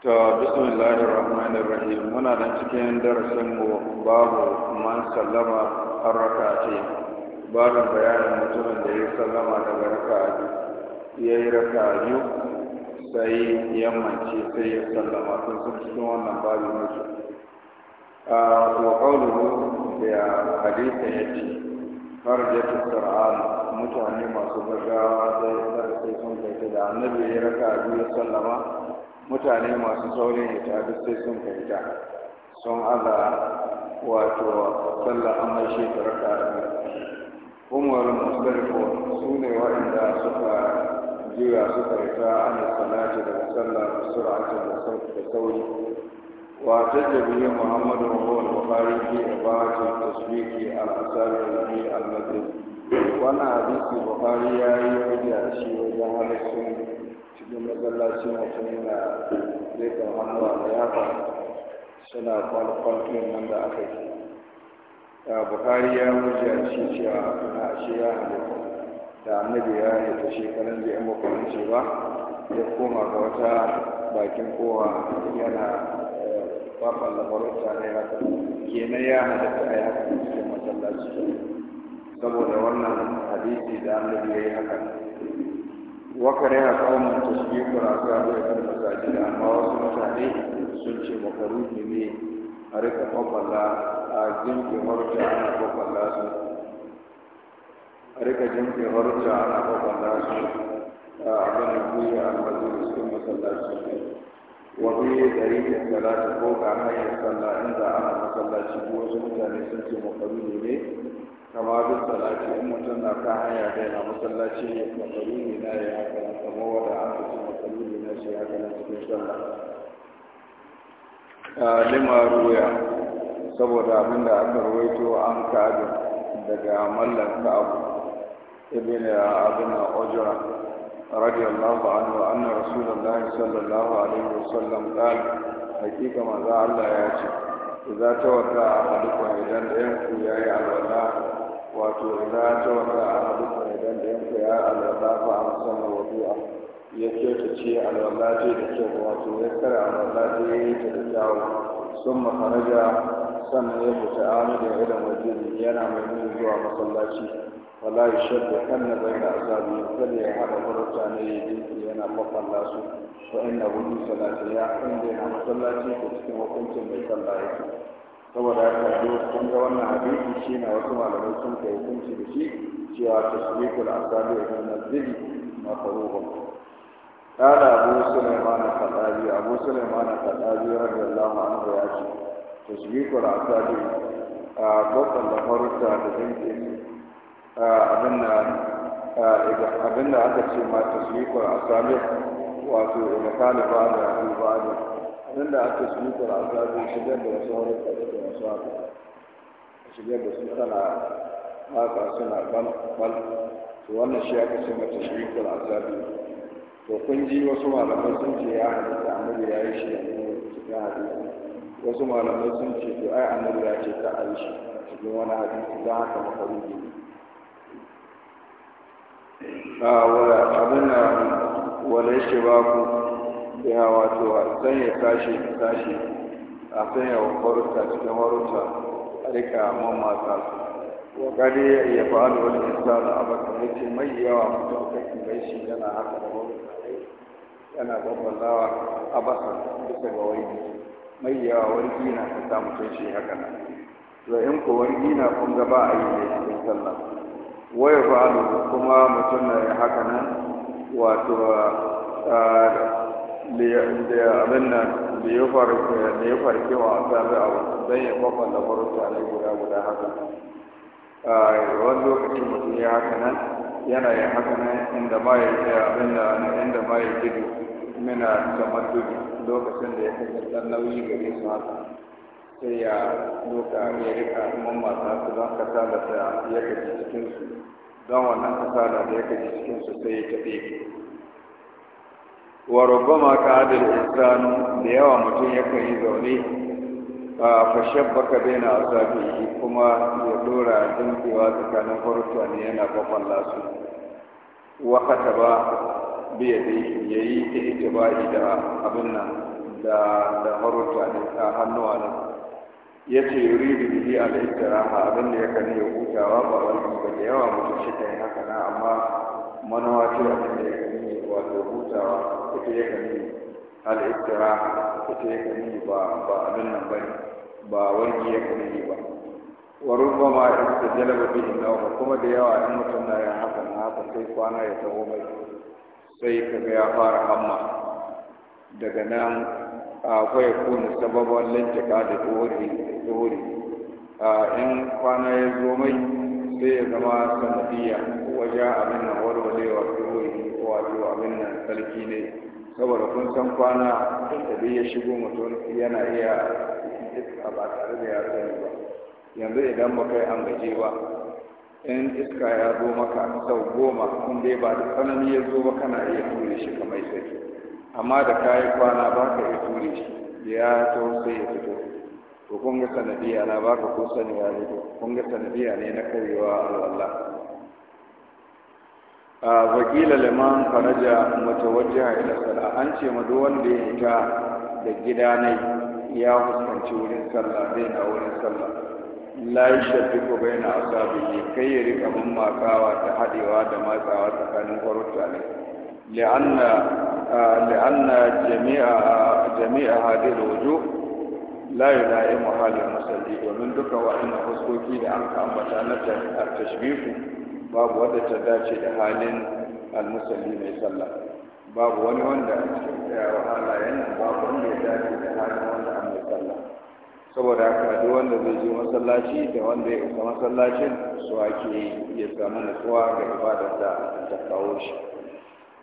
To bismillahir rahmanir rahim muna da cikin darasin mu babu man sallama har raka'ati bayanin mutumin da ya sallama daga raka'a ya yi raka'a sai sai ya sallama sun sun wannan babu mutu a wa qawluhu da hadisin yace da qur'an mutane masu gaggawa sai sun kai da annabi ya raka'a biyu sallama mutane masu saurin ita duk sai sun fahimta sun haɗa wato sallar amma shi ta rabu umar musulmi su ne waɗanda suka juya suka rita an yi salati daga sallar surata da sauri wa ta jabi yi muhammadu rahon bukari ke bata tasiriki al-asar yanzu al-madrid wannan hadisi bukari ya yi wajen shi wajen halittar cikin masallaci mutum na lekan hannu a yafa suna kwalkwalfin nan da aka yi da bukari ya wuce a ci cewa na ashe ya halitta da annabi ya halitta shekaran da yan bakwarin ce ba ya koma ga wata bakin kowa yana kwakwal da farauta na ya kenan ya halitta a yaka cikin masallaci saboda wannan hadisi da annabi ya yi hakan wakare a kawon tasbihu raka da kan masajid amma wasu mutane sun ce makaruhi ne a rika kwakwalla a jinke harta ana kwakwalla su a rika jinke harta ana kwakwalla su a abin da kuyi a majalis cikin masallaci wani ɗariƙin salata ko ga hanyar sallah inda ana masallaci ko wasu mutane sun ce makaruhi ne kama duk salati in mutum na kan hanya da yana masallaci makaruni na ya haka nan kamar wanda an fi cin makaruni na shi haka nan cikin sallah lima ruya saboda abin da aka rawaito an ka'adu daga mallan ka'abu ibn abin ujra radiyallahu anhu anna rasulullahi sallallahu alaihi wasallam qala hakika manzo Allah ya ce idza tawadda ahadukum idan ɗayan ku yayi alwala wato idan ta wata ana duka idan da yanku ya alwala ba a musamman wadu'a ya ce alwala ce da kyau wato ya kare alwala ce ya yi ta da kyawu sun makaraja sannan ya fita ya irin jini yana mai nuna zuwa masallaci wala ya shadda kan na bai da azabi kada ya haɗa farauta ne ya jinsi yana mafalla su wa ina wudu salati ya inda yana masallaci ko cikin hukuncin mai sallah saboda haka kun ga wannan hadisi shi na wasu malamai sun kai hukunci da shi cewa tasbiqul asabi min nazili makruhun قال أبو سليمان الخطابي أبو سليمان الخطابي رضي الله عنه يأتي تشبيك الأعصابي بطل لفرصة بذنك abinda aka ce ma tasbikul asali wato ina kalifa da albada nan da aka su yi kura azabi shigar da wasu wani kwaɗe da wasu haka shigar da su tana haka suna bal to wannan shi aka ce mata shi kura azabi to kun ji wasu malamai sun ce ya da annabi ya yi shi a cikin hadisi wasu malamai sun ce to ai annabi ya ce ta a shi cikin wani hadisi don haka makaruki ne a ah, wala abin na wala shi ba ku ya wato a ya tashi da tashi a ya warta cikin warta a rika mamata su wa gari ya iya fa'ala wani insana a baka yace mai yawa mutum kai mai shi yana haka da warta yana babbazawa a basa bisa ga wani mai yawa wani gina ta sa mutum shi haka nan to in ko wani gina kun ga ba a yi ne cikin sallah waya fa'alu kuma mutum na haka nan wato da abin nan da ya farke wa asabi a wasu don ya kwakwan da farauta ne guda guda haka A wani lokacin mutum ya haka nan yana yin haka nan inda ma ya ce abin da inda ma ya gidu mina tamaddu lokacin da ya kasance dan nauyi gare su haka sai ya doka ya rika mamata su don kasala da ya kaji cikinsu don wannan kasala da ya kaji cikinsu sai ya tafi wa rubbama ka adil insanu da yawa mutum ya kan yi zaune a fashe baka bai na asabihi kuma ya dora dinkewa tsakanin farko ne yana kafan lasu wa kataba bi ya yi ta itibai da abin nan da da farko ne a hannuwa nan yace yuridu bihi al-istiraha abin da ya kan yi hutawa ba wani da yawa mutum shi kai haka na amma manawa ce abin da ya gani wato hutawa ita ya gani al'ittira ita ya gani ba ba abin nan ba ba wani ya gani ba wa rubama ita jalaba bi nawa kuma da yawa in mutum na ya haka na haka sai kwana ya taho mai sai kaga ya fara hamma daga nan akwai kuna sababan lantika da dori in kwana ya zo mai sai ya zama sanadiyya wajen abin nan warwalewa ruhi wato abin nan sarki ne saboda kun san kwana da ya shigo mutum yana iya iska ba tare da ya sani ba yanzu idan ba kai an gaje ba in iska ya zo maka sau goma in dai ba da tsanani ya zo ba kana iya ture shi kamar sai amma da kayi kwana ba ka iya ture shi ya to sai ya fito to kun ga sanadiya na ba ka ko sani ya fito kun ga sanadiya ne na karewa Allah wakila liman faraja mutawajjiha ila sala an ce ma duk wanda ya fita da gida ne ya fuskanci wurin sallah zai na wurin sallah la yashfiqu baina asabihi kai ya rika makawa ta haɗewa da matsawa tsakanin kwarutta ne li'anna li'anna jami'a jami'a hadhihi alwujuh la yulaimu halin musalli domin duka wa'annan fuskoki da an ambata na tashbihu babu wadda ta dace da halin almusalli mai sallah babu wani wanda a cikin tsayawa halayen babu wanda ya dace da halin wanda a mai sallah saboda haka duk wanda zai je masallaci da wanda ya isa masallacin su ake ya samu nutsuwa ga ibadar da ta kawo shi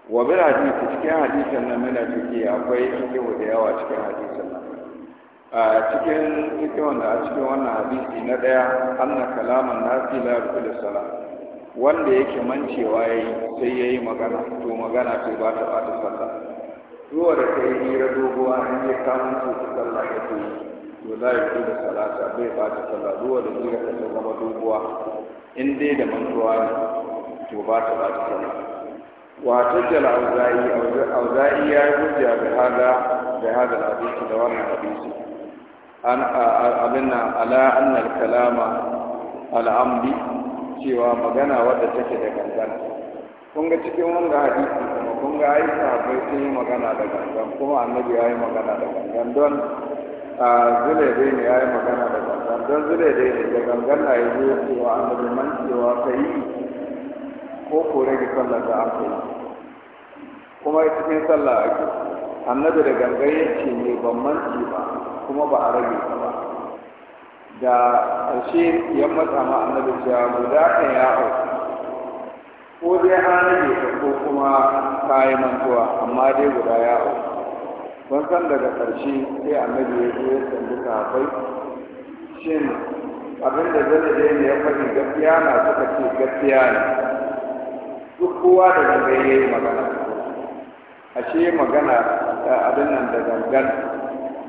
wa bin hadisi cikin hadisan nan muna ciki akwai fikihu da yawa cikin hadisan nan a cikin fikihun da a cikin wannan hadisi na daya anna kalaman nasi la yaqulu wanda yake mancewa ya yi sai ya yi magana to magana ce ba ta ba ta sallah zuwa da ta yi hira doguwa in ya kamun su ta sallah ya ce to za ya fi da salata bai ba ta sallah zuwa da hira ta zama doguwa in dai da mantuwa ne to ba ta ba ta sallah wata jala auza'i auza'i ya yi hujja da hada da hada hadisi da wannan abinci? an abinna ala annal kalama al'amdi cewa magana wadda take da gangan kun ga cikin wanga hadisi kuma kun ga ai bai sun yi magana da gangan kuma annabi ya yi magana da gangan don a zule dai ne ya yi magana da gangan don zule dai ne da gangan na yi zuwa cewa annabi man cewa ka yi ko ko rage sallar da aka yi kuma cikin sallah ake annabi da gangan ya ce ne ban manci ba kuma ba a rage ba da ƙarshe ya matsa ma annabi cewa mu za ka yawo ko dai hana ne ko kuma ka yi mantuwa amma dai guda yawo ban san daga ƙarshe sai annabi ya zo ya tambi sahabbai shin abin da zai da ya faɗi gaskiya na suka ce gaskiya ne duk kowa da zai ya yi magana ashe magana eh, abin nan da gangan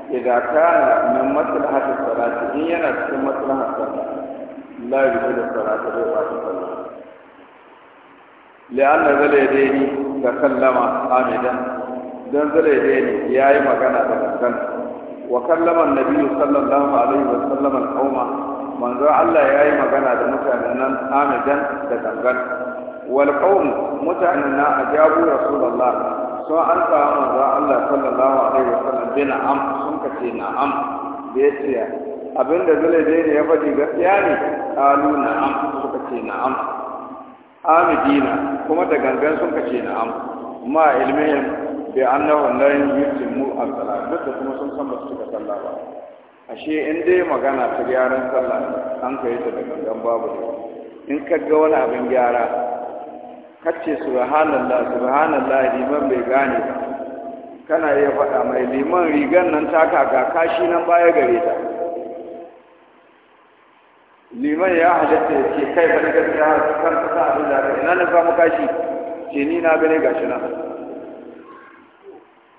idan kana min maslahatu salati in yana cikin maslahatu salati la yujibu salata bai ba ta sallah لأن زليدين تكلم آمدا دون زليدين ياي مغانا تكلم وكلم النبي صلى الله عليه وسلم القوم من ذا الله ياي مغانا دمتعنن آمدا تكلم والقوم متعنن أجابوا رسول الله سواء أنت من ذا الله صلى الله عليه وسلم بنعم an ce na'am da ya ce abinda zule zai ne ya faɗi gaskiya ne kalu na'am suka ce na'am amidina kuma da gangan sun ka ce na'am ma ilmihim bi annahu la yutimmu al salat duk da kuma sun san ba su cika sallah ba ashe in dai magana ta gyaran sallah an ka yi ta da gangan babu in ka ga wani abin gyara kace subhanallah subhanallah liman bai gane ba kana iya faɗa mai liman rigan nan ta kaka kashi nan baya gare ta liman ya halitta ya ce kai bane gaskiya kan kasa abin da ka ina na samu kashi ce ni na gane gashi nan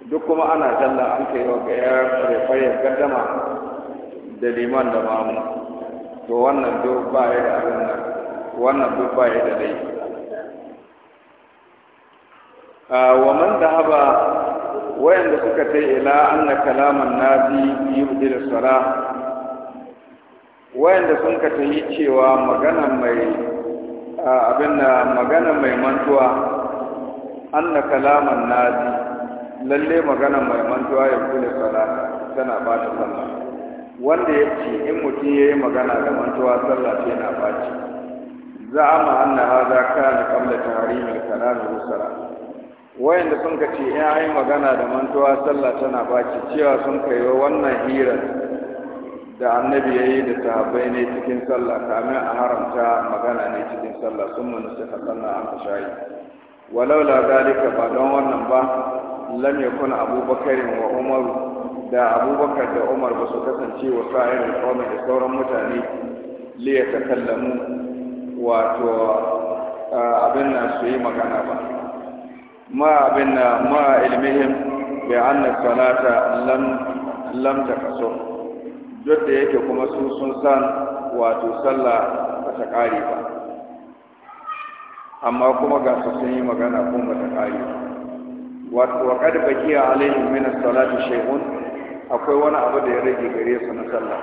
duk kuma ana talla an kai wa ga yar fare gaddama da liman da mamu to wannan duk ba ya da abin nan wannan duk ba ya da laifi Ah, wa ذهب وين wayanda suka أن ila anna kalaman الصلاة وين sala wayanda sun ka cewa magana mai ah, mantuwa lalle magana mai mantuwa yubdil sala tana ba ta sallah wanda ya ce in mutum ya yi magana da mantuwa sallah ce na baci za'ama ka hadha kana ta wayanda sun ka ce ai magana da mantuwa sallah tana baci cewa sun kai wannan hirar da annabi ya yi da sahabbai ne cikin sallah kamin a haramta magana ne cikin sallah sun manu suka sallah an fashayi walau la dalika ba don wannan ba lam yakun abubakar wa umar da abubakar da umar ba su kasance wa sa'irin qawmi da sauran mutane li yatakallamu wato abin nan su yi magana ba ma abin ma ilmihim bai anna salata lam da kaso. duk da yake kuma su sun san wato sallah ba ta kare ba amma kuma ga su sun yi magana kuma ba ta kare wa wa qad bakiya alaihim min as-salati shay'un akwai wani abu da ya rage gare su na sallah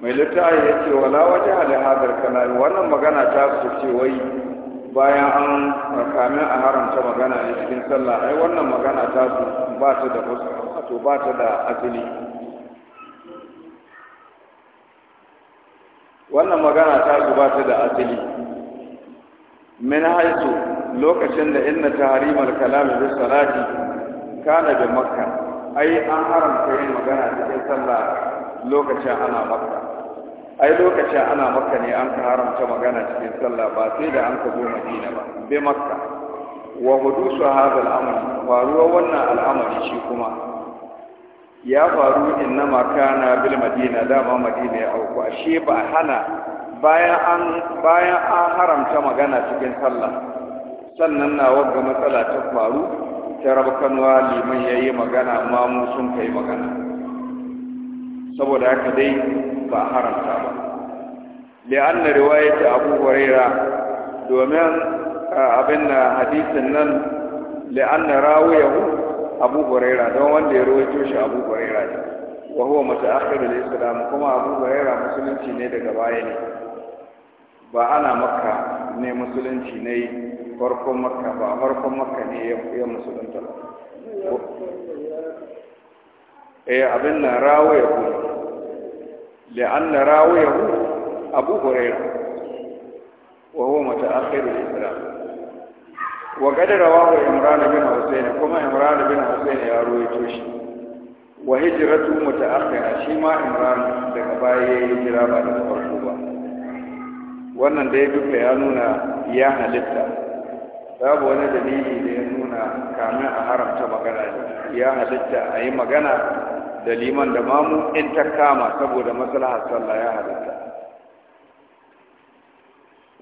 mai littafi ya ce wala waje hada hadar kana wannan magana ta su ce wai bayan an kamin a haramta magana ne cikin sallah ai wannan magana ta su ba ta da wato ba ta da asali wannan magana ta su ba ta da asali min haisu lokacin da inna tahrimal kalami bis salati kana da makka ai an haramta yin magana cikin sallah lokacin ana makka ai lokacin ana maka ne an ka haramta magana cikin sallah ba sai da an ka zo madina ba bai makka wa hudusu hadha al-amr faruwa wannan al'amari shi kuma ya faru ma kana bil madina dama madina ya auku ashe ba hana bayan an bayan an haramta magana cikin sallah sannan na wagga matsala ta faru ta rabkanuwa liman yayi magana mamu sun kai magana saboda haka dai ba haramta ba li'anna riwayat abu huraira domin abin na hadisin nan li'anna rawiyahu abu huraira don wanda ya rawaito shi abu huraira ne wa huwa mutaakhir al-islam kuma abu huraira musulunci ne daga baya ne ba ana makka ne musulunci ne farkon makka ba farkon makka ne ya musulunta ba eh abin na ابو ya راوي ابو rawo ya ku abu huraira wa huwa mutaakhirul islam wa qad rawahu imran bin husayn kuma imran bin husayn ya rawaito shi wa hijratu mutaakhira shi daga baya ya ba da wannan dai duka ya nuna ya halitta babu wani dalili da ya nuna kamin a haramta magana ya halitta a yi magana da liman da mamu in ta kama saboda maslahar sallah ya halitta.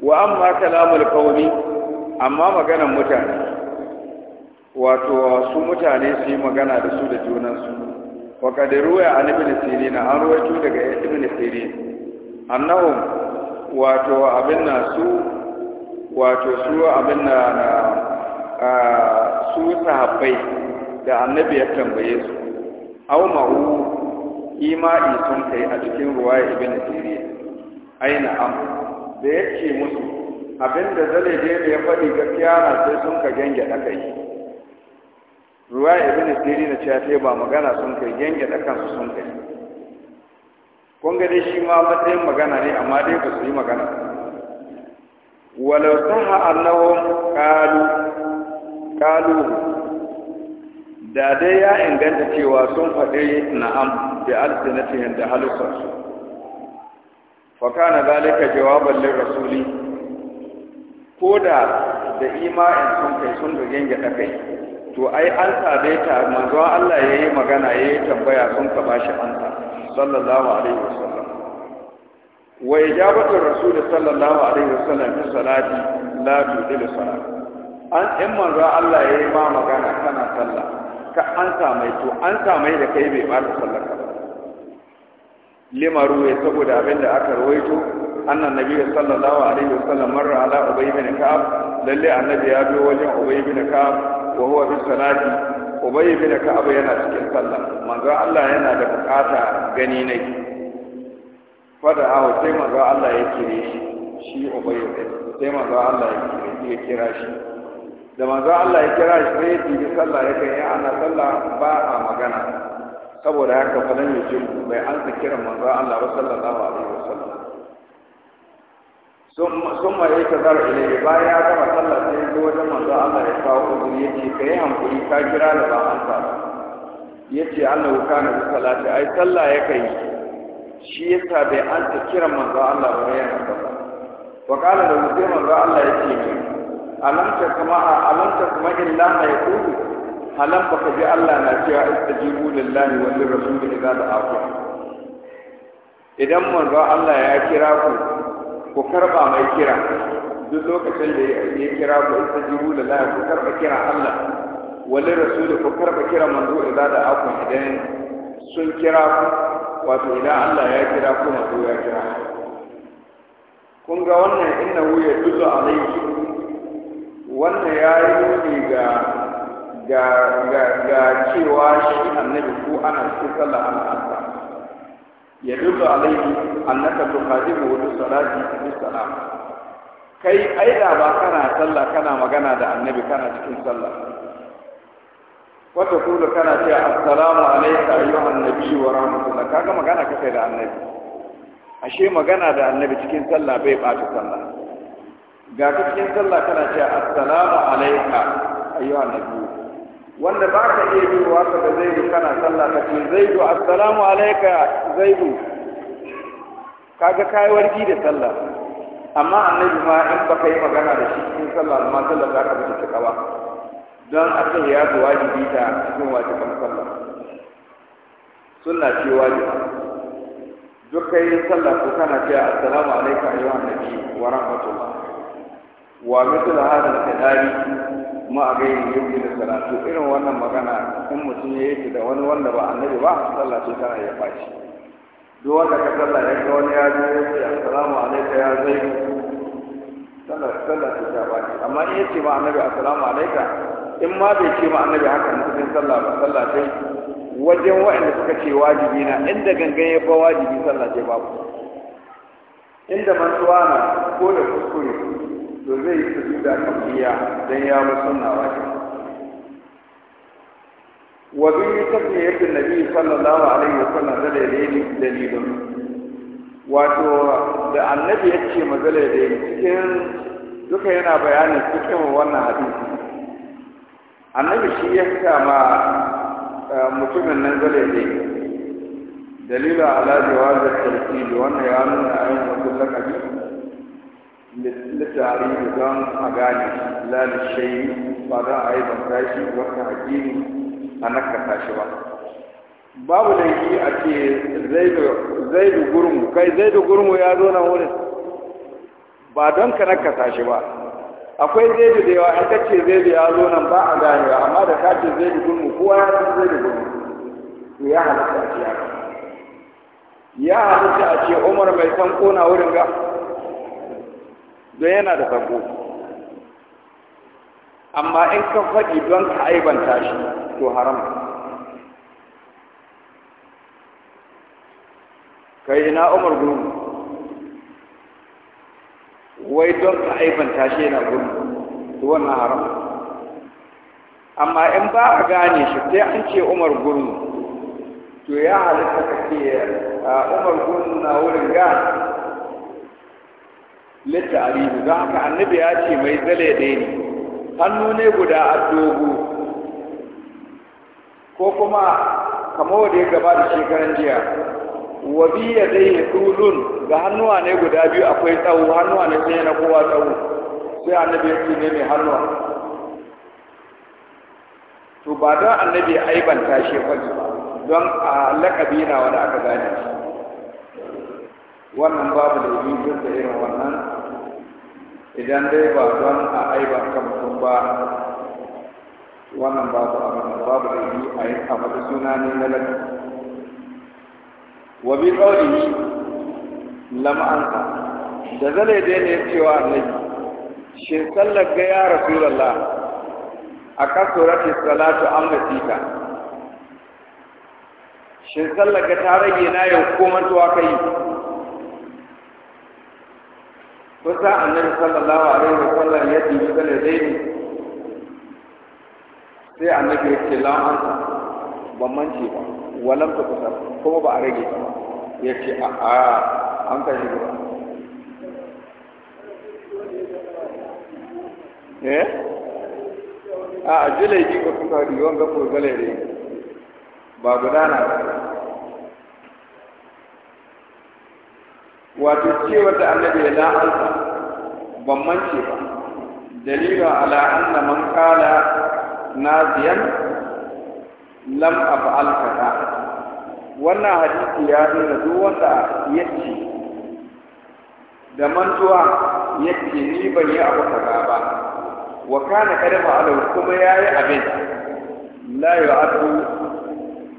wa amma kalamul qawmi amma maganar mutane wato su mutane su yi magana da su da junansu wa qad ruya an ibn sirin an ruwaito daga ibn sirin annahu wato abin na su wato su abin na ah, su sahabbai da annabi ya tambaye su au ma'u ima'i sun kai a cikin ruwaya ibn sirri aina am da yake musu abinda zale da ya faɗi gaskiya na sai sun ka da kai ruwaya ibn sirri na cewa sai ba magana sun kai genge da su sun kai kun ga dai shi ma matsayin magana ne amma dai ba su yi magana walau saha annahum qalu qalu da dai ya inganta cewa sun faɗi na'am bi alsinatihim da halukansu fa kana zalika jawaban lir rasuli ko da da ima'in sun kai sun da gengeda kai to ai an sabe ta manzo Allah ya yi magana ya yi tambaya sun ka bashi ansa sallallahu alaihi wasallam wa ijabatu rasul sallallahu alaihi wasallam fi salati la tudil salat an in manzo Allah ya yi ma magana kana sallah ka an samai to an samai da kai bai bata sallar ka limaru ya saboda abin da aka rawaito annan nabi sallallahu alaihi sallam marra ala ubay bin ka'ab lalle annabi ya biyo wajen ubay bin ka'ab wa huwa bi salati ubay bin ka'ab yana cikin sallah manzo Allah yana da bukata gani ne fada hawo sai manzo Allah ya kire shi shi ubay sai manzo Allah ya kire shi da manzo Allah ya kira shi sai ya yi sallah ya kai ana sallah ba a magana saboda haka fa nan yaji bai an ta kiran manzo Allah sallallahu alaihi wasallam sun ma ta zara ilai bayan ya gama sallah sai ya wajen manzo Allah ya kawo uzuri ya ce ka yi hankuri ka kira da ba an sa ya ce Allah ya kana da salati ai sallah ya kai shi yasa bai an ta kira manzo Allah ba yana sallah wa qala da mutum manzo Allah ya ce alam ta kama alam ta kama illa ma yaqulu alam baka ji Allah na cewa istajibu lillahi wa lirrasul idza da'akum idan manzo Allah ya kira ku ku karba mai kira duk lokacin da ya kira ku istajibu lillahi ku karba kira Allah wa lirrasul ku karba kira manzo idza da'akum idan sun kira ku wato idan Allah ya kira ku manzo ya kira kun ga wannan innahu yadullu alayhi wannan ya yi nuni ga ga ga ga cewa shi annabi ko ana cikin sallah ana asa ya dubu alaihi annaka tuhadimu wa salati bi salam kai aida ba kana sallah kana magana da annabi kana cikin sallah wata kula kana ce assalamu alayka ayyuhan nabi wa rahmatullah kaga magana kake da annabi ashe magana da annabi cikin sallah bai bata sallah ga cikin sallah kana cewa assalamu alaika ayyuha nabi wanda ba ka iya cewa ka ga zaidu kana sallah ka ce zaidu assalamu alaika zaidu kaga kai warki da sallah amma annabi ma in baka yi magana da shi cikin sallah amma sallah za ka bi ta kawa don a ce ya zo wajibi ta cikin wajiban sallah sunna ce wajibi duk kai sallah ko kana cewa assalamu alaika ayyuha nabi wa rahmatullah wa misal hadal kadari ma a gairi yau da karatu irin wannan magana in mutum ya yi da wani wanda ba annabi ba sallah ce tana ya faci duk wanda ka sallah ya ga wani ya zo ya ce assalamu alaika ya zai sallah sallah ce ta faci amma in ya ce ma annabi assalamu alaika in ma bai ce ma annabi haka mutum sallah ba sallah ce wajen waɗanda suka ce wajibi na inda gangan ya fa wajibi sallah ce babu inda mantuwa na ko da kuskure to zai yi su da kamfiya don ya bi sunna wa ke wa bi tafi yadda nabi sallallahu alaihi wa sallam da dalilin dalilin wato da annabi ya ce mazala da cikin duka yana bayanin cikin wannan hadisi annabi shi ya kama eh, mutumin nan zale ne dalilin ala jawazin da wannan ya nuna ayin wasu lakabi littari zan a gane lalishayi ba don a yi banta shi wata hakimi a nakasa shi ba babu laifi a ce zaidu gurmu kai zaidu gurmu ya zo na wurin ba don ka nakasa shi ba akwai zai da yawa aka ka ce zaidu ya zo nan ba a ganewa amma da ka ce zaidu gurmu kowa ya san zaidu gurmu to ya halatta a ce ya halatta a ce umar mai san kona wurin ga don yana da sako amma in ka faɗi don ka aibanta shi to haram kai ina umar gurgu wai don ka aibanta shi yana gurgu to wannan haram amma in ba a gane shi sai an ce umar gurgu to ya halitta ka ce ah, umar gurgu na wurin gane littarihi don haka annabi ya ce mai zale ɗaya ne hannu ne guda a dogo ko kuma kamar wanda ya gaba da shekaran jiya wa zai dai tulun ga hannuwa ne guda biyu akwai tsawo hannuwa ne sai na kowa tsawo sai annabi ya ce ne mai hannuwa to ba don annabi aibanta shi ba don a lakabi na wani aka gane shi wannan babu da yi duk da irin wannan idan dai ba don a aibar ka mutum ba wannan babu a wannan, babu da yi a yi a faɗi suna ne na lalata wa bi ƙauri lam'anta da zale dai ne cewa annabi shin sallar ga ya rasulallah a kasurati salatu an gasita shin sallar ga ta rage na yau ko mantuwa kai kusa annabi sallallahu alaihi wa sallam ya dubi da zaini sai annabi ya ce la'anta ban mance ba walam ta kusa kuma ba a rage ba ya ce a a an ka shiga ba eh a ajilai ji ko kuka riyon ga ko galere ba gudana ba wato cewar da annabi ya la'anta ban mance ba dalila ala anna man qala naziyan lam af'al kaza wannan hadisi ya nuna duk wanda yace da mantuwa ya ni ban yi abu kaza ba wa kana kada fa'ala kuma yayi abin la yu'adu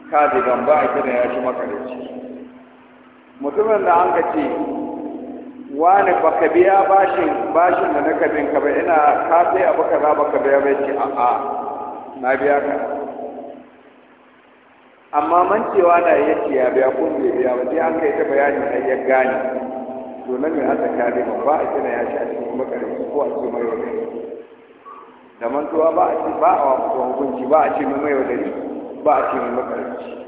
kadiban ba a kira ya shi makarici mutumin da an ce wani baka biya bashin bashin da na kabin ka ba ina ka sai abu za baka biya bai ce a'a na biya ka amma man cewa da ya ce ya biya ko bai biya ba sai an kai ta bayani na ya gane to nan ne aka kare ba ba a kira ya shi a cikin makarantu ko a cikin mai wadari da mantuwa ba a ce ba a wa hukunci ba a ce mai wadari ba a ce mai makarantu.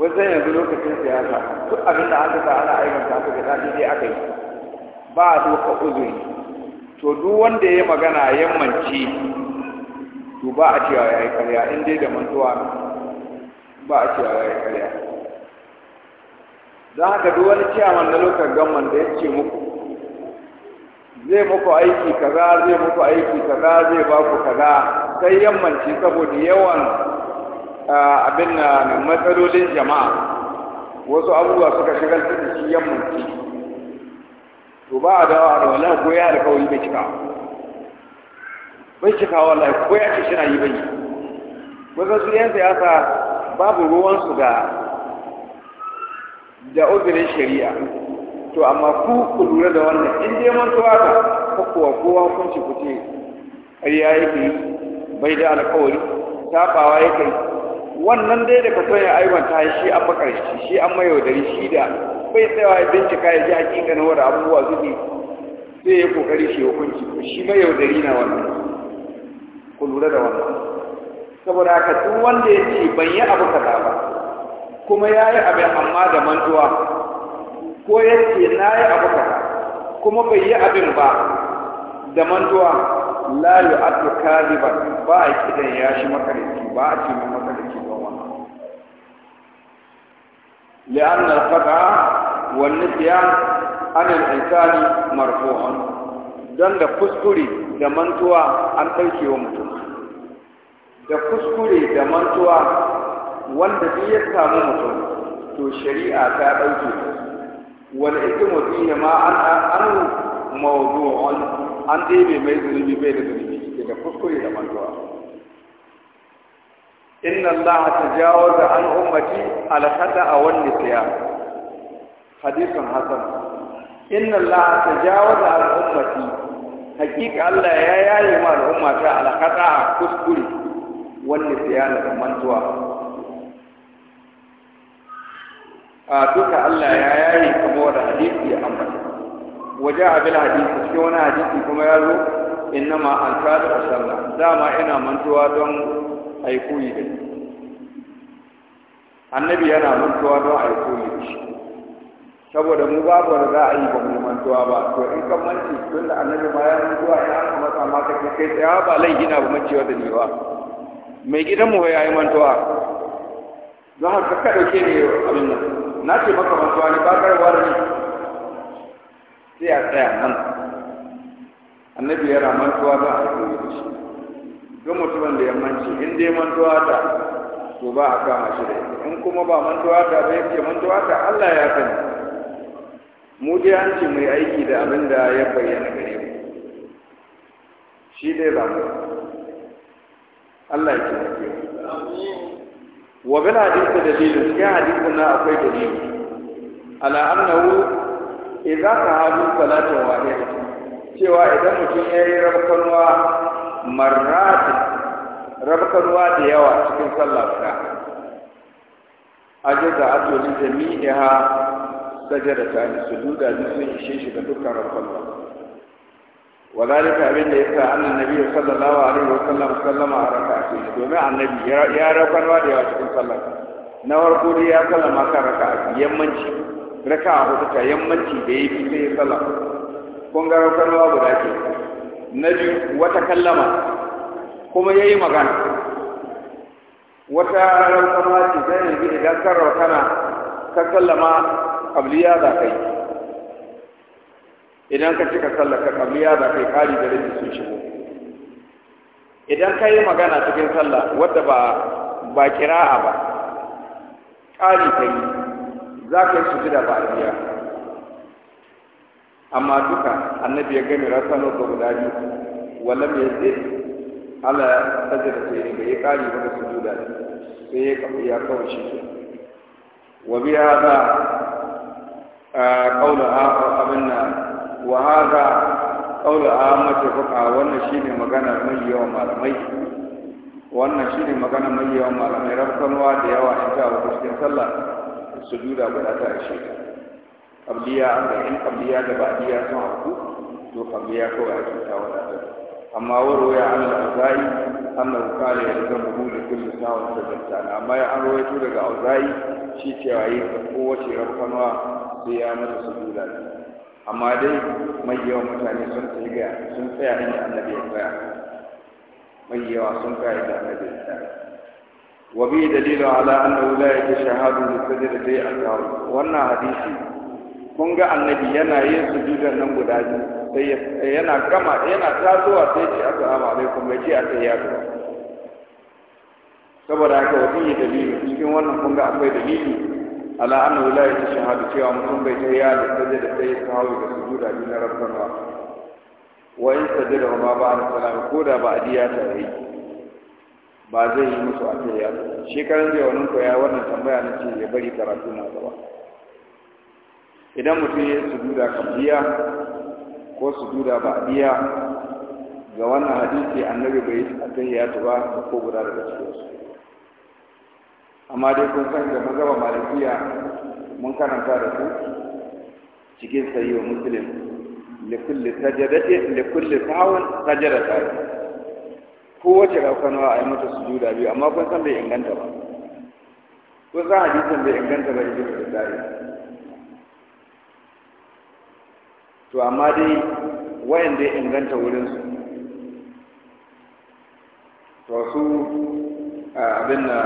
wajen yanzu lokacin siyasa duk abin da aka sa ana aikata ta ga dadi dai aka yi ba a doka uzuri to duk wanda ya magana yammanci to ba a cewa ya yi karya in dai da mantuwa ba a cewa ya yi karya don haka duk wani ciyaman na lokacin gamman da ya ce muku zai muku aiki kaza zai muku aiki kaza zai ba ku kaza sai yammanci saboda yawan abin na matsalolin jama'a wasu abubuwa suka shigar da shi yammanci to ba a dawa da wallahi ko ya alkawari bai cika bai cika wallahi ko ya ce shina yi bai wasu su yan siyasa babu ruwansu da da uzurin shari'a to amma ku ku lura da wannan in dai mantuwa ka ko kuwa kowa kun ci kuce ƙarya bai da alkawari tafawa yake wannan dai da kaso ya aiwanta shi an makarshi shi an mayaudari shi da bai tsawa ya bincika ya ji hakika na wani abubuwa zubi sai ya kokari shi hukunci Ko shi mayaudari na wannan ku lura da wannan saboda haka duk wanda ya ce ban yi abu kaza ba kuma ya yi abin amma da mantuwa ko ya ce na yi abu kaza kuma bai yi abin ba da mantuwa la yu'atu kadiban ba a kidan ya shi makarici ba a ce makarci لأن القطع والنسيان عن الإنسان مرفوع دون da kuskure da mantuwa an ɗauke wa mutum da kuskure da mantuwa wanda duk ya samu mutum to shari'a ta ɗauke Wani ismu fihi ma an an an dai mai zunubi bai da da kuskure da mantuwa inna Allah tajawaza an ummati al khata'a wan nisyan hadithun hasan inna Allah tajawaza an ummati hakika Allah ya yaye ma al ummata al khata'a kuskure wan nisyan da mantuwa a duka Allah ya yaye kamar da hadisi ya ambata waje abin hadisi cikin wani hadisi kuma ya zo innama an kada a sallah dama ina mantuwa don a yi da annabi yana mantuwa don a yi koyi da shi saboda mu babu da za a yi ba mu mantuwa ba to in kan manci tun da annabi ma ya mantuwa ya aka masa ma ka kai tsaya ba lai na ba mancewa da ne ba mai gidan mu ya yi mantuwa don haka ka dauke ne abin nan na ce maka mantuwa ne ba kar da ni sai a tsaya nan annabi yana mantuwa don a yi koyi da shi duk mutumin da yammanci in dai mantuwa ta to ba a kama shi da in kuma ba mantuwa ta ba yake mantuwa ta Allah ya sani mu dai an ce mai aiki da abin da ya bayyana gare mu shi dai ba mu Allah ya kiyaye wa bil hadith dalilun ya hadithun na akwai dalili ala annahu idza ka hadu salatan wahida cewa idan mutum yayi rabbanwa marratin rabkarwa da yawa cikin sallah guda ajaza ato li jami'iha sajadata ni sujuda ni sun ishe shi ga dukkan rabkarwa wadalika abin da yasa annan nabi sallallahu alaihi wa sallam sallama a raka'ati domin annabi ya rabkarwa da yawa cikin sallah na farko dai ya sallama kan raka'ati yammanci raka'a hudu ta yammanci da yayi sai ya sallama kun ga rabkarwa guda ke na wata kallama kuma ya yi magana wata rankama ce zai yanzu idan ka rautana ka kallama kabliya za ka yi idan ka cika sallaka kabliya za ka yi kari da rabi sun shigo idan ka yi magana cikin sallah wadda ba ba kira'a ba kari ka yi za ka yi sujida ba ba'a biya amma duka annabi ya gami rasano ga guda biyu wala mai zai ala sajada ta yi bai kari ba da sujuda sai ya kafa ya kawo shi wa bi hada qawlu abinna wa hada qawlu mace fuqa wannan shine magana mai yawan malamai wannan shine magana mai yawan malamai rafsanwa da yawa in ta wa cikin sallah sujuda guda ta shi qabliya an ga in qabliya da ba'diya sun haku to qabliya kawai ake ta wadatar amma warwaya an da azai annahu qala ya zambu li kulli sa'atin sajdatana amma ya an rawaito daga azai shi cewa yi kowace rabbanwa sai ya mata dula amma dai mai yawan mutane sun tsaya sun tsaya inda annabi ya tsaya mai yawa sun tsaya inda annabi ya tsaya وبه دليل على أنه لا يتشهد للسجدتين أكثر wannan hadisi kun ga annabi yana yin sujudan nan guda biyu sai yana gama yana tasowa sai ce assalamu alaikum bai ce ya zuwa saboda haka wasu yi dalili cikin wannan kun ga akwai dalili ala annahu ta shahadu cewa mutum bai tayya da da sai ya hawo da sujuda biyu na rabbana wa in sajada ma ba'da salam ko da ba diya ta yi ba zai yi musu a attayyatu shekaran jiya wannan koya wannan tambaya na ce ya bari karatu na gaba idan mutum ya yi sujuda kabliya ko sujuda ba'diya ga wannan hadisi annabi bai attahiya ba ko guda daga cikin su amma dai kun san da mazhaba malikiya mun karanta da su cikin sayyid muslim likulli sajadati likulli sawun sajadata kowace raukanwa a yi mata sujuda biyu amma kun san bai inganta ba kun san hadisin bai inganta ba ibnu da to amma dai wayan da ya inganta wurinsu to su abin na,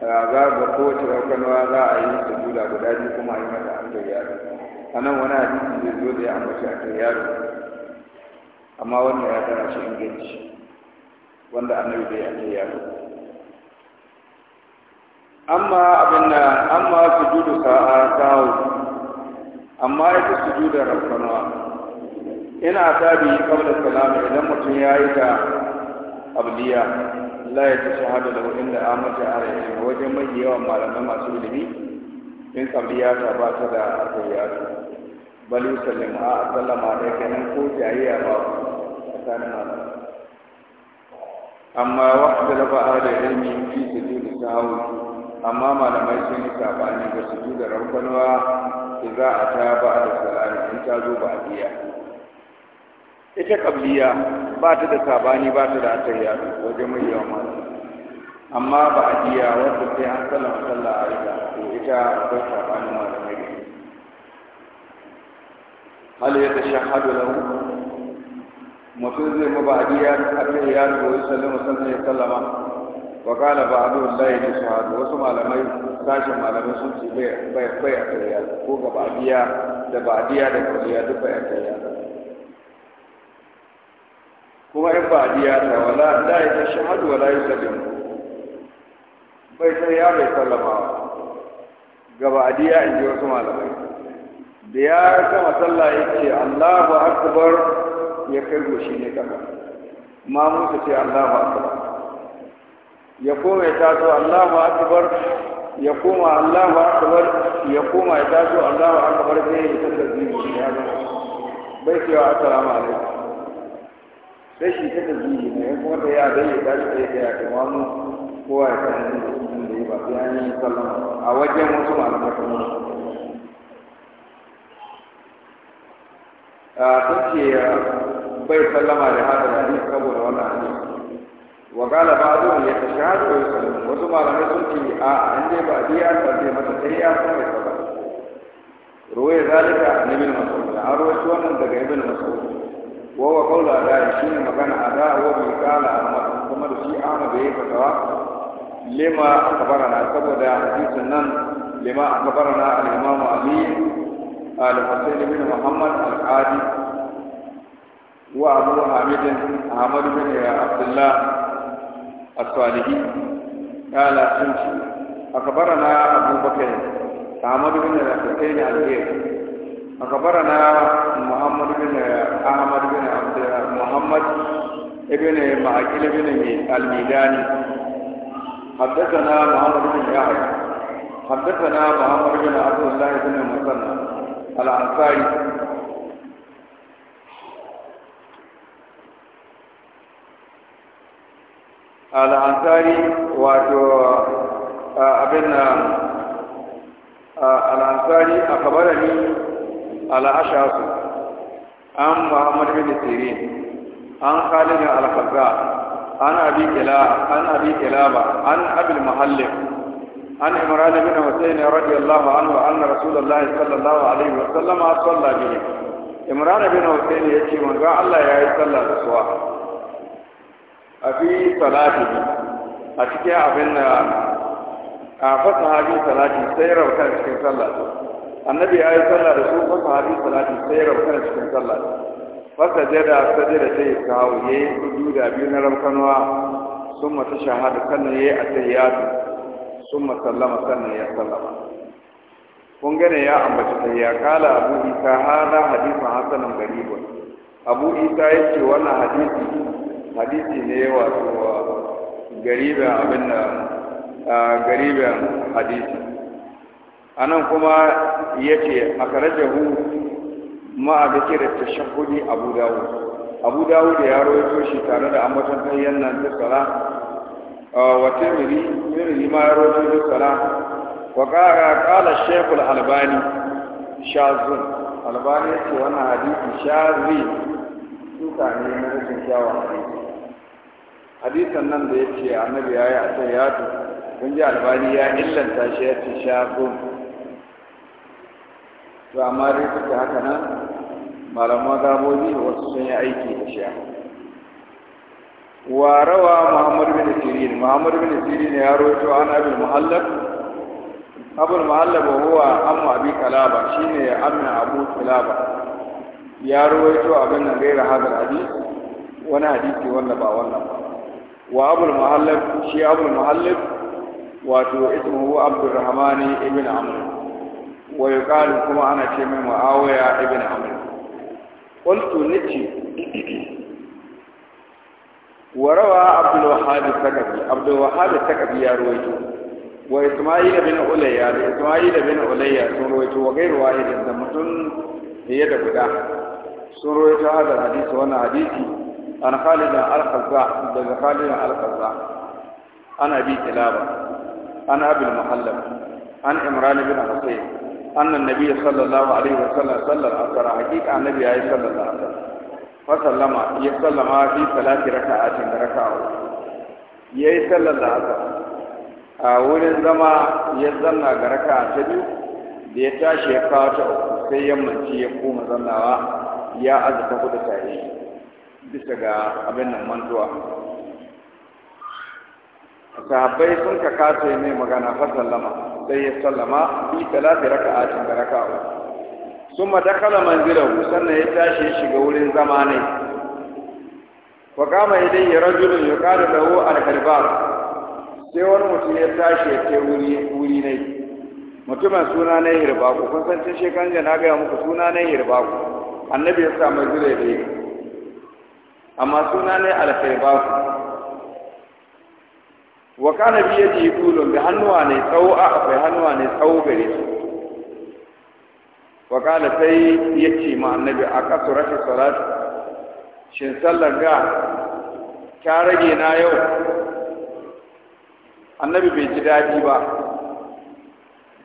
za a ko wace rakanwa za a yi su guda guda biyu kuma a yi mata an da yaro a nan wani hadisi zai zo da ya ambaci a kan yaro amma wannan ya tana shi inganci wanda annabi bai a kan yaro amma abin na, amma su judu sa'a hau amma ita sujuda rabbana ina ta tabi qabla salama idan mutum ya yi ta abliya la ya ta shahada da inda amata arayi wajen mai yawan malamai masu ilimi in qabliya ta ba ta da akwai bal yusallimu a sallama da kenan ko jayayya ba tsanin malamai amma wa'ada da a da ilimi fi sujudi sahwi amma malamai sun yi sabani ga sujudar rabbanwa ta ba da salati in ta zo ba biya ita kabliya ba ta da sabani ba ta da atariya wajen mai yawa amma ba biya wanda sai an sallama sallah aida riga to ita akwai sabani ma da mai hal ya tashahhadu lahu mutum zai ma adiya atariya ko sallama sallah ya sallama wa qala ba'du allahi shahadu wasu malamai sashen malamai sun ce bai a karya ko gabadiya da badiya da kwaliya duk bai a karya kuma in badiya ta wala da ya ta hadu wala ya sallim bai ya bai sallama gabadiya in ji wasu malamai da ya kama sallah ya ce allahu akbar ya kai goshi ne kama ma musu ce allahu akbar ya kome ta so allahu akbar ya koma Allahu akbar ya koma ya taso Allahu akbar sai ya ta tasbihi ya ga bai cewa assalamu alaikum sai shi ta tasbihi ne kuma da ya dai ya tashi sai ya ga mamu kowa ya san da ya ba sai an yi sallama a wajen wasu malamai kuma sun ce bai sallama da hada hadisi saboda wannan hadisi wa gala ba zuwa ya ta shahadu ya wasu malamai sun ce a an dai ba biya ba zai mata sai ya san mai saba ruwaya zalika na ibn mas'ud an rawaito wannan daga ibn mas'ud wa wa qawla shine magana ada wa bi qala ahmad kuma da shi ahmad yayi fatawa lima akbarana saboda hadisin nan lima akbarana al-imam ali al-husayn ibn al wa abdullah الصالحي قال سنتي أخبرنا أبو بكر عمر بن الحسين الهير أخبرنا محمد بن أحمد بن عبد محمد ابن معقل بن الميداني حدثنا محمد بن يحيى حدثنا محمد بن عبد الله بن المثنى الأنصاري al'ansari wato abin na al'ansari a kabarani al'ashasu an Muhammadu bin sirin an khalid al-khazza an abi kila an abin kilaba an abil muhallib an imran bin husayn radiyallahu anhu anna rasulullahi sallallahu alaihi wa sallam salla bihi imran bin husayn yace manzo Allah ya yi sallar da suwa a fi salati a cikin abin na a fasa bi salati sai rauta cikin sallah annabi ya yi sallah da su fasaha bi salati sai rauta cikin sallah fasa jada sajada ta yi kawo ya yi sujuda biyu na rabkanwa sun mata shahada kan ya yi a ya su, sun masallama sannan ya sallama kun gane ya ambaci tayya kala abu isa hada hadisin hasanan garibun abu isa ya ce wannan hadisi hadisi ne wato garibin abin da garibin hadisi anan kuma ya ce a karajahu ma'a da ke da tashahudi abu dawo abu dawo da ya rawaito shi tare da ambaton tayyar nan ta tsara wa miri tirmidhi ma ya rawaito ta tsara wa ƙara qala shekul albani shazun albani ya ce wannan hadisi shazun suka ne na rikin kyawun hadisi hadisan nan da ya ce annabi ya yi a ya tu kun ji albani ya illanta shi ya ce shafin to amma dai duk haka nan malaman gabobi wasu sun yi aiki da shi wa rawa muhammad bin sirin muhammad bin sirin ya rawaito an abul muhallab abul muhallab huwa amma abi kalaba shine amna abu kalaba ya rawaito abin nan gaira hadal hadis wani hadisi wanda ba wannan ba wa abul muhallab shi abul muhallab wato ismuhu abdurrahman ibn amr wa yuqalu kuma ana ce mai muawiya ibn amr qultu nati wa rawa abdul wahhab al-thaqafi abdul wahhab al-thaqafi ya ruwaito wa isma'il bin ulayya da isma'il bin ulayya sun ruwaito wa gairu wahidin da mutum da guda sun an khalidan al-khazza daga khalidan al-khazza an abi kilaba an abil muhallab an imran bin husayn anna nabiy sallallahu alaihi wasallam sallar asara hakika annabi yayi sallar asar fa sallama ya sallama fi salati raka'atin raka'a yayi sallar asar a wurin zama ya zanna ga raka'a ta biyu da ya tashi ya kawo ta uku sai ya yammanci ya koma zannawa ya azuka kudu tare bisa ga abin nan mantuwa sahabbai sun ka kasa mai magana fa sallama sai ya sallama bi talati raka'atin da raka'u summa dakala manzilahu sannan ya tashi shiga wurin zama ne wa kama ya rajulun yuqalu lahu al-kalbar sai wani mutum ya tashi ya ce wuri wuri ne mutumin suna na hirbaku kun san cin kan da na gaya muku suna na hirbaku annabi ya sa mai zure da yi amma suna ne alkhaibasu wa kana bi yadi kulun bi hannuwa ne tsawo a akwai hannuwa ne tsawo gare su wa kana sai yace ma annabi a kasu rashin salat shin sallar ga ta rage na yau annabi bai ji daɗi ba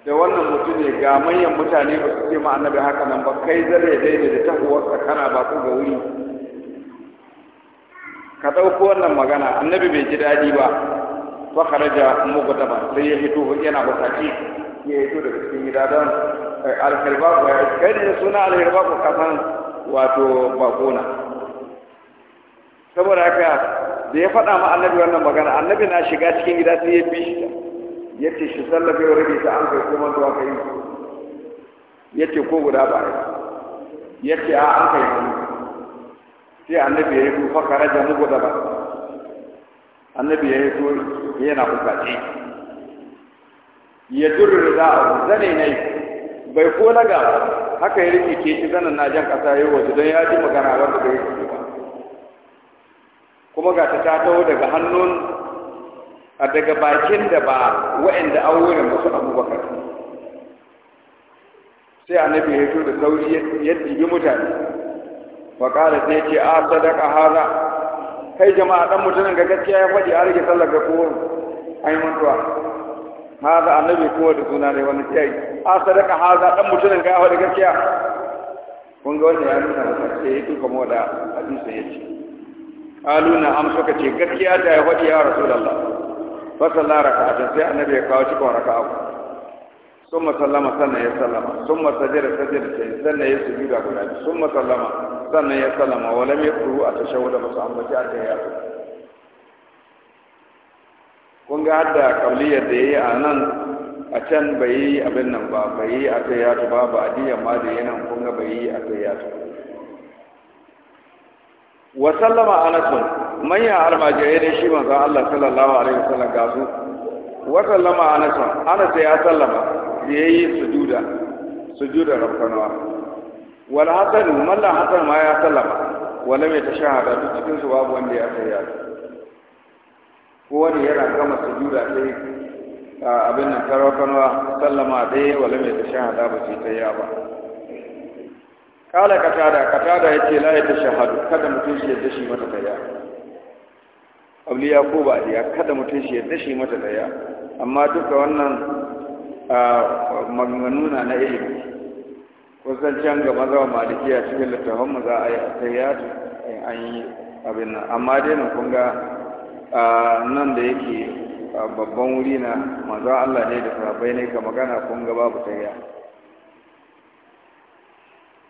da wannan mutum ne ga manyan mutane ba su ce ma annabi haka nan ba kai zare daidai da tahuwarsa kana ba ku ga wuri ka ɗauko wannan magana annabi bai ji daɗi ba fa kharaja mughdaba sai ya hito yana bukaci ya hito daga cikin gida don eh, alharba ko eh, ya kai da suna alharba ko kasan wato bakona saboda haka da ya faɗa ma annabi wannan magana annabi na shiga cikin gida sai ya bi shi ya ce shi sallafa ya rabi ta an kai kuma zuwa kai ya ce ko guda ba ya ce a an kai kuma sai annabi ya yi fa karaja muku da ba annabi ya yi to yana bukaci ya da za a zane ne bai ko laga haka ya ke shi zanen na jan kasa yi wasu don ya ji magana wanda bai yi ba kuma ga ta ta taho daga hannun a daga bakin da ba wa'anda an wurin musu abubakar sai annabi ya to da sauri ya ɗibi mutane faƙara sai ce a sadaka haza kai jama'a ɗan mutumin ga gaskiya ya faɗi a rage sallar ga kowa an yi haza annabi kowa da suna ne wani sai a sadaka haza ɗan mutumin ga ya faɗi gaskiya kun ga wannan ya nuna masa ce ya tuka mawa da hadisin ya ce kalu na am suka ce gaskiya da ya faɗi ya rasulullah fa lara ka sai annabi ya kawo cikin raka'a ثم سلم سنة يسلم ثم سجد سجد سنة يسجد guda ثم سلم sannan ya kalama wala mai kuru a ta shawo da masu ambaci a ta yi kun ga hadda kauliyar da ya yi a nan a can bai yi abin nan ba bai yi a ta yi yato ba ba adiyan ma da yanan kun ga bai yi a ta yi yato wa sallama anasun manyan almajirai ne shi manzon Allah sallallahu alaihi wasallam ga su wa sallama anasun anas ya sallama da yi sujuda sujuda rabbana wala hasan mallan hasan ma ya sallama wala mai ta shahada duk cikin su babu wanda ya kai ya ko wani yana gama sujuda sai abin nan karakanwa sallama dai wala mai ta shahada ba sai ta ya ba kala katada katada yace la ya ta shahadu kada mutum shi ya dashi mata kaya ya ko ba ya kada mutum shi ya dashi mata kaya amma duka wannan maganganu na na ilimi kusan can ga mazaba malikiya cikin littafin mu za a yi asayyatu in eh, an yi abin nan amma dai nan kun ga nan da yake babban wuri na manzon Allah ne da sahabbai ne ga magana kun ga babu tayya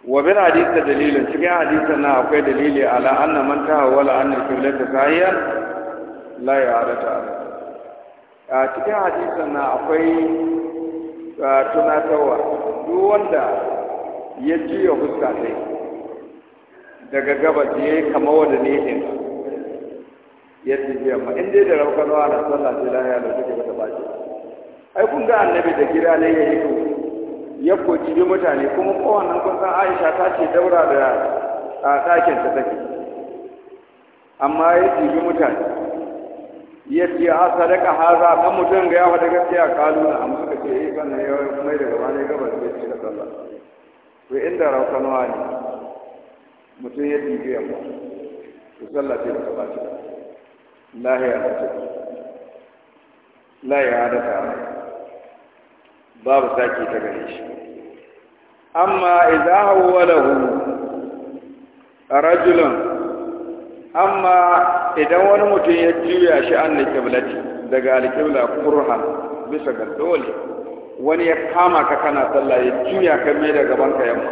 wa bin hadisi dalilin cikin hadisin na akwai dalili ala anna man tahawwala anna al-qiblata sahiya la ya'rata a cikin hadisin na akwai tunatarwa duk wanda ya ya fuska sai daga gabas ya yi kama wanda ne in ya tafiya ma in dai da raukarwa na sallah sai lahiya da suke mata baki ai kun ga annabi da gida ne ya yi to ya koci mutane kuma kowannan kun san aisha ta ce daura da ɗakin ta take amma ya jibi mutane ya ce a sadaka haza kan mutum ga ya faɗi gaskiya kalu na amma suka ce eh sannan ya mai da gaba ne gabas ya ce da sallah to inda wa ne mutum ya dibi yamma to sallah ce da ba ta lahiya da ta lahiya hadata babu sake ta gare shi amma idza hawwalahu rajulan amma idan wani mutum ya juya shi an da kiblati daga alkibla kurha bisa ga dole wani ya kama ka kana sallah ya juya ka mai da gaban ka yamma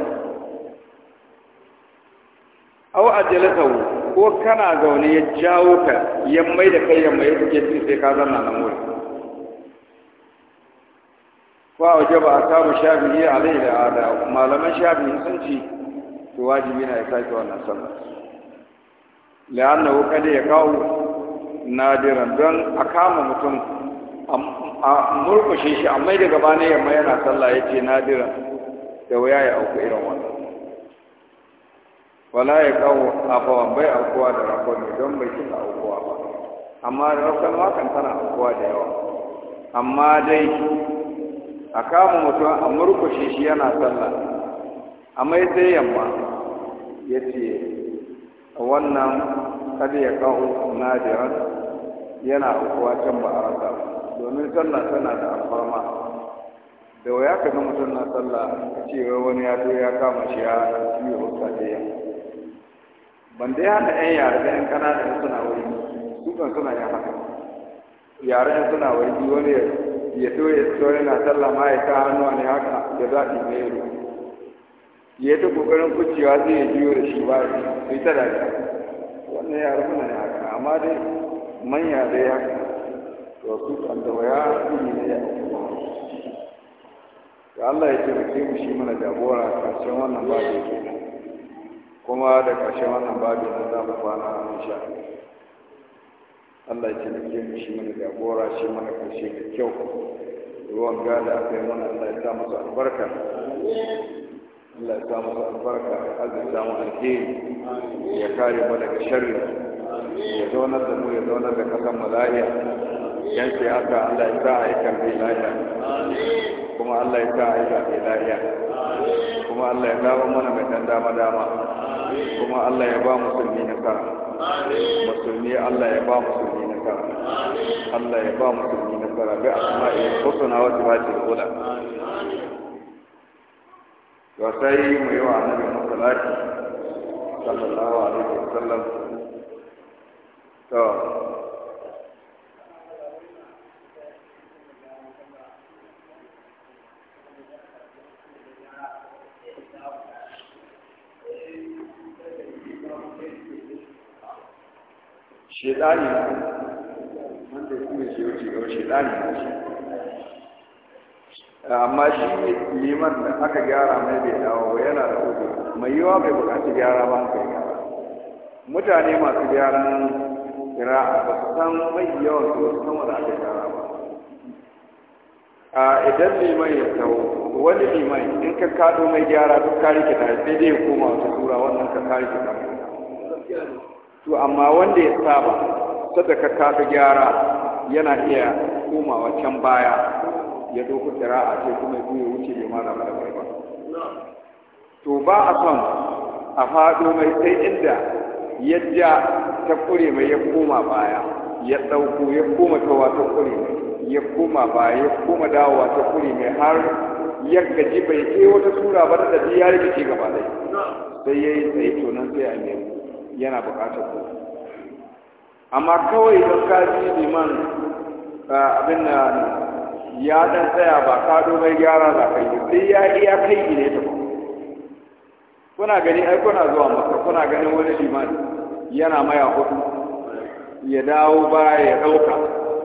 aw ajalatahu ko kana zaune ya jawo ka ya mai da kai yamma ya kike ji sai ka zanna nan wuri ba a samu shafi'i alaihi da ada malaman shafi'i sun ci to wajibi na ya sake wannan sallah la'annahu kada ya kawo nadiran don a kama mutum a murkushe shi amma daga gaba ya yamma yana sallah ya ce nadira da wuya ya auku irin wannan wala ya kawo afawa bai aukuwa da rakon don bai cika aukuwa ba amma da rakon wakan tana aukuwa da yawa amma dai a kama mutum a murkushe shi yana sallah amma sai yamma ya ce wannan kada ya kawo nadiran yana aukuwa can ba a rasa domin sallah tana da alfarma da waya ka ga mutum na sallah cewa wani ya zo ya kama shi ya ciwo da ɗaya ban dai hana yan yare da yan ƙanana suna wuri su kan suna yin haka yare yan suna wuri wani ya so ya so yana sallah ma ya sa hannu ne haka ya zaɓi yi yaro ya ta kokarin kucewa zai ya jiyo da shi ba ya ta da wannan yara suna yin haka amma dai manya dai haka توفيق عند ويا إلى Ya Allah ya taimake mu shi mana jagora ƙarshen wannan babu kenan kuma da ƙarshen wannan babu na za mu kwana a insha Allah ya taimake mu shi mana jagora shi mana ƙarshe da kyau ruwan gada aka yi mana Allah ya sa musu albarka Allah ya sa musu albarka ya azurta mu alheri ya kare mu daga sharri ya zaunar da mu ya zaunar da kasan mu lafiya yan siyasa Allah ya sa a yi karfi lahiya kuma Allah ya sa a yi zaɓe lahiya kuma Allah ya dawo mana mai ɗan dama dama kuma Allah ya ba musulmi nasara musulmi Allah ya ba musulmi nasara Allah ya ba musulmi nasara bi asma'i husna wa sifatil ula to sai mu yi wa annabi musallati sallallahu alaihi wasallam to tsari na wanda ya kuma shi wuce gaba tsari na shi amma shi liman da aka gyara mai bai dawo ba yana da ugu mai yiwa bai bukaci gyara ba yi gyara mutane masu gyaran kira ba su san mai yawan su wasu da wanda aka gyara ba a idan liman ya tawo wani liman in ka kado mai gyara duk kari kita sai dai ya koma wata tura wannan ka kare kita to amma wanda ya saba sadaka ka ta gyara yana iya komawa can baya ya doku a ce kuma ya wuce bai ma da malamai ba to ba a son a faɗo mai sai inda yadda ta kure mai ya koma baya ya ɗauko ya koma tawa ta kure ya koma baya ya koma dawowa ta kure mai har ya gaji bai ke wata sura ba da ya rikici gaba dai sai ya yi tsaye to nan sai a nemi yana bukatar ku amma kawai don ka ji liman abin da ya dan tsaya ba ka mai gyara za ka yi sai ya iya kai gine ta kuna gani ai kuna zuwa maka kuna ganin wani liman yana maya hudu ya dawo ba ya dauka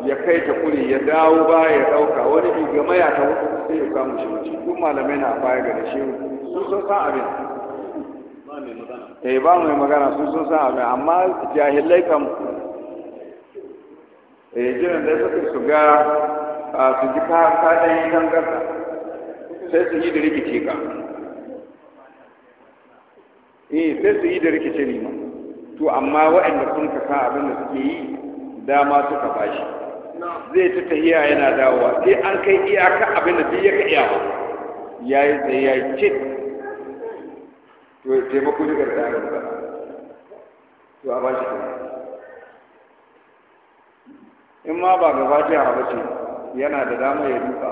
ya kai ta kuri ya dawo ba ya dauka wani bi ga maya ta hudu sai ya samu shi kuma malamai na baya ga shi sun san abin eh ba mai magana sun sun san abin amma jahilai kam eh jiran da suka su ga su ji ka ka kan tangarda sai su yi da rikice ka eh sai su yi da rikice ne ma to amma waɗanda sun ka ka abin da suke yi dama suka bashi zai ta tahiya yana dawowa sai an kai iyaka abin da duk ya ka iyawa yi tsaye yayi cit to ya taimako daga da ba to a ba shi in ma ba ga fatiha ba ce yana da dama ya duka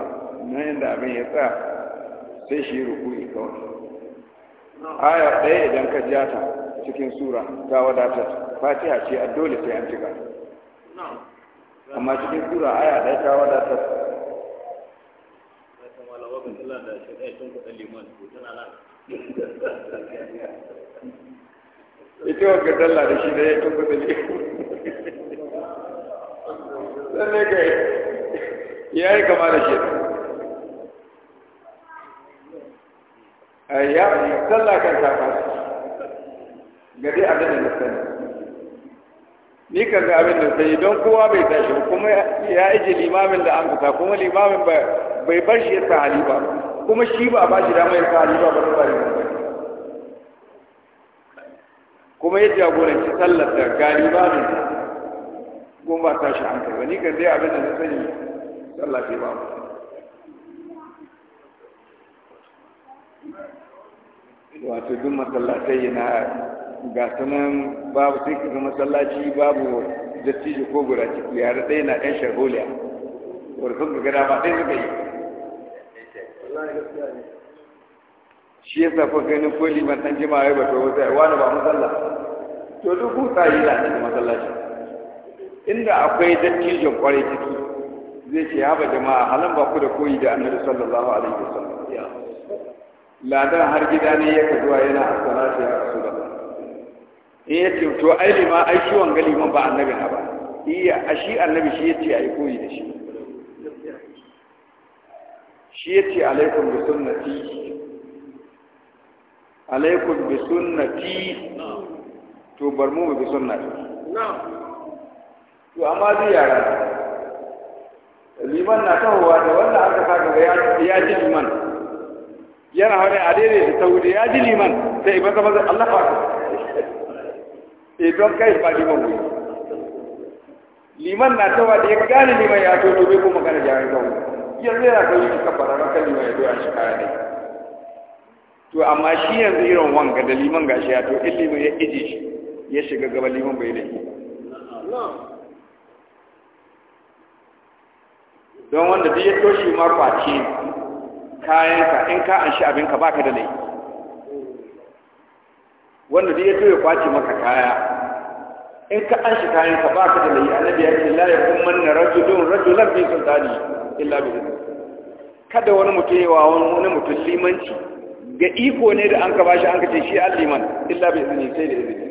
nan inda abin ya tsaya sai shi yi rukuni kawai aya ɗaya idan ka ja ta cikin sura ta wadatar fatiha ce a dole sai an cika amma cikin sura aya ɗaya ta wadatar Allah da ita wanka sallah da shi da ya tuka da ne sannan ga ya yi kama da shi ya sallah kan ta fasu a dai abin na sani ni kan ga abin da sai don kowa bai tashi kuma ya ije limamin da an fita kuma limamin bai bar shi ya sa hali ba kuma shi ba ba shi damar ya sa halifa ba ta bari kuma ya jagoranci sallar da ba ne ba ta shi hankali ba ni kan zai abin da na sani sallah ce ba mu wato duk masallatai na ga sanan babu sai kaga masallaci babu dattijo ko guda ciki yare ɗaya na ɗan sharholiya wadda sun ga gada ba ɗaya suka yi shi ya safa ganin ko liman ɗan jima'a ya bata wata wani ba musalla to duk kusa yi da cikin masallaci inda akwai dattijon kwarai ciki zai ce haba jama'a halan ba ku da koyi da annabi sallallahu alaihi wasallam ladan har gida ne ya ka zuwa yana salati ya rasu da in ya ce to ai lima ai shi wanga liman ba annabi na ba iya a shi annabi shi ya ce ai koyi da shi shi yace alaikum bi sunnati alaikum bi sunnati to bar mu bi sunnati to amma zai yara liman na tahowa da wanda aka saka ga ya ji liman yana hare a daidai da saudi ya ji liman sai ibaka maza Allah faɗa. E eh, don kai ba liman ne liman na tawa da ya gane liman ya to to bai kuma kana jami'a yanzu yana da wuce kafarar Liman ya doya shi kaya ne to amma shi yanzu irin wanga da liman gashi ya to in liman ya ije shi ya shiga gaba liman bai da don wanda duk ya toshe ma kwace kayanka in ka an shi abinka baka da laifi wanda duk ya to kwace maka kaya in ka an shi kayan ka ba ka da mai annabi ya ce la ya kun manna rajulun rajulan bi sultani illa bi kada wani mutum ya wa wani mutum limanci ga iko ne da an ka bashi an ka ce shi an liman illa bi izini sai da izini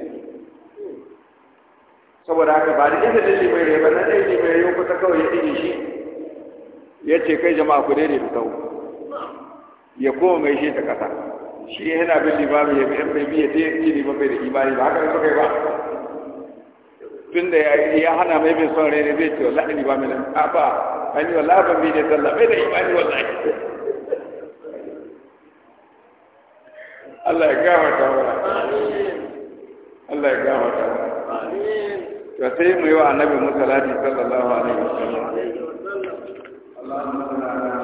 saboda haka ba da izinin limai rai ba na ɗaya limai rai kusa kawai ya ɗige shi ya ce kai jama'a ku daidai da kau, ya koma mai shi ta kasa shi yana bin limami ya bi yan bai biya ta yi limami da imani ba haka suka yi ba tun da ya hana mai bin son rai ne zai ce wallahi ni ba mai nan a ba an yi wallahi ban bi ne sallah bai da imani wallahi Allah ya ta wura Allah ya gafarta mana to sai mu yi wa annabi musallati sallallahu alaihi wasallam Allahumma salli ala